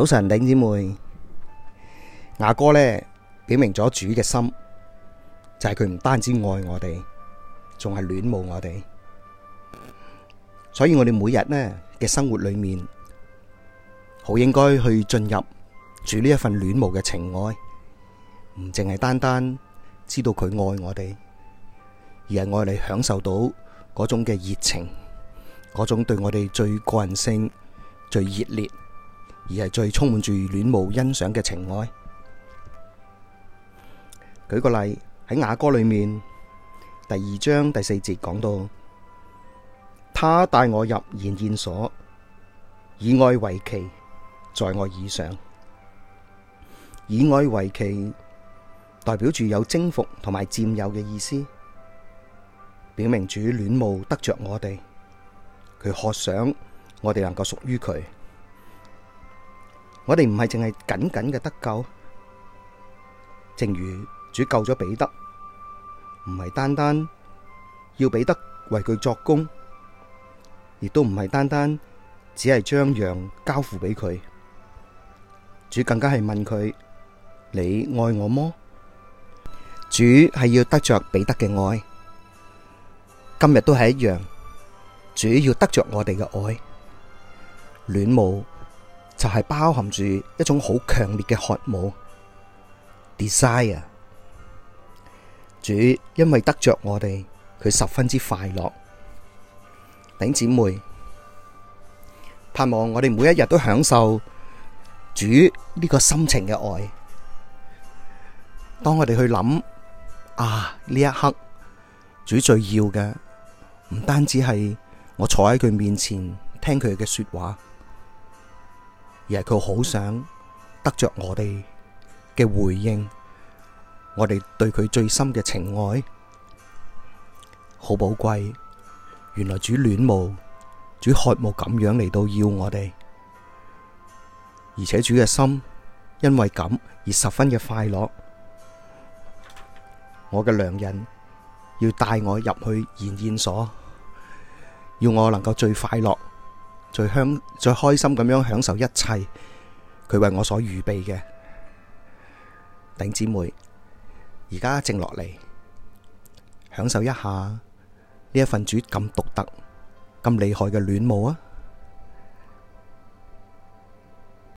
早晨，頂姊妹，雅歌呢表明咗主嘅心，就係佢唔單止愛我哋，仲係戀慕我哋。所以我哋每日呢嘅生活裏面，好應該去進入住呢一份戀慕嘅情愛，唔淨係單單知道佢愛我哋，而係我哋享受到嗰種嘅熱情，嗰種對我哋最個人性、最熱烈。而係最充滿住戀慕欣賞嘅情愛。舉個例喺雅歌裏面第二章第四節講到，他帶我入筵宴所，以愛為旗，在我以上。以愛為旗，代表住有征服同埋佔有嘅意思，表明主戀慕得着我哋，佢渴想我哋能夠屬於佢。我哋唔係淨係僅僅嘅得救，正如主救咗彼得，唔係單單要彼得為佢作工，亦都唔係單單只係將羊交付俾佢。主更加係問佢：你愛我麼？主係要得着彼得嘅愛，今日都係一樣，主要得着我哋嘅愛，戀慕。就係包含住一種好強烈嘅渴慕，desire。主因為得着我哋，佢十分之快樂。頂姐妹，盼望我哋每一日都享受主呢個深情嘅愛。當我哋去諗，啊，呢一刻，主最要嘅，唔單止係我坐喺佢面前聽佢嘅說話。而係佢好想得着我哋嘅回應，我哋對佢最深嘅情愛，好寶貴。原來主戀慕、主渴慕咁樣嚟到要我哋，而且主嘅心因為咁而十分嘅快樂。我嘅良人要帶我入去筵宴所，要我能夠最快樂。最香最開心咁樣享受一切，佢為我所預備嘅，弟兄姊妹，而家靜落嚟，享受一下呢一份主咁獨特、咁厲害嘅戀慕啊！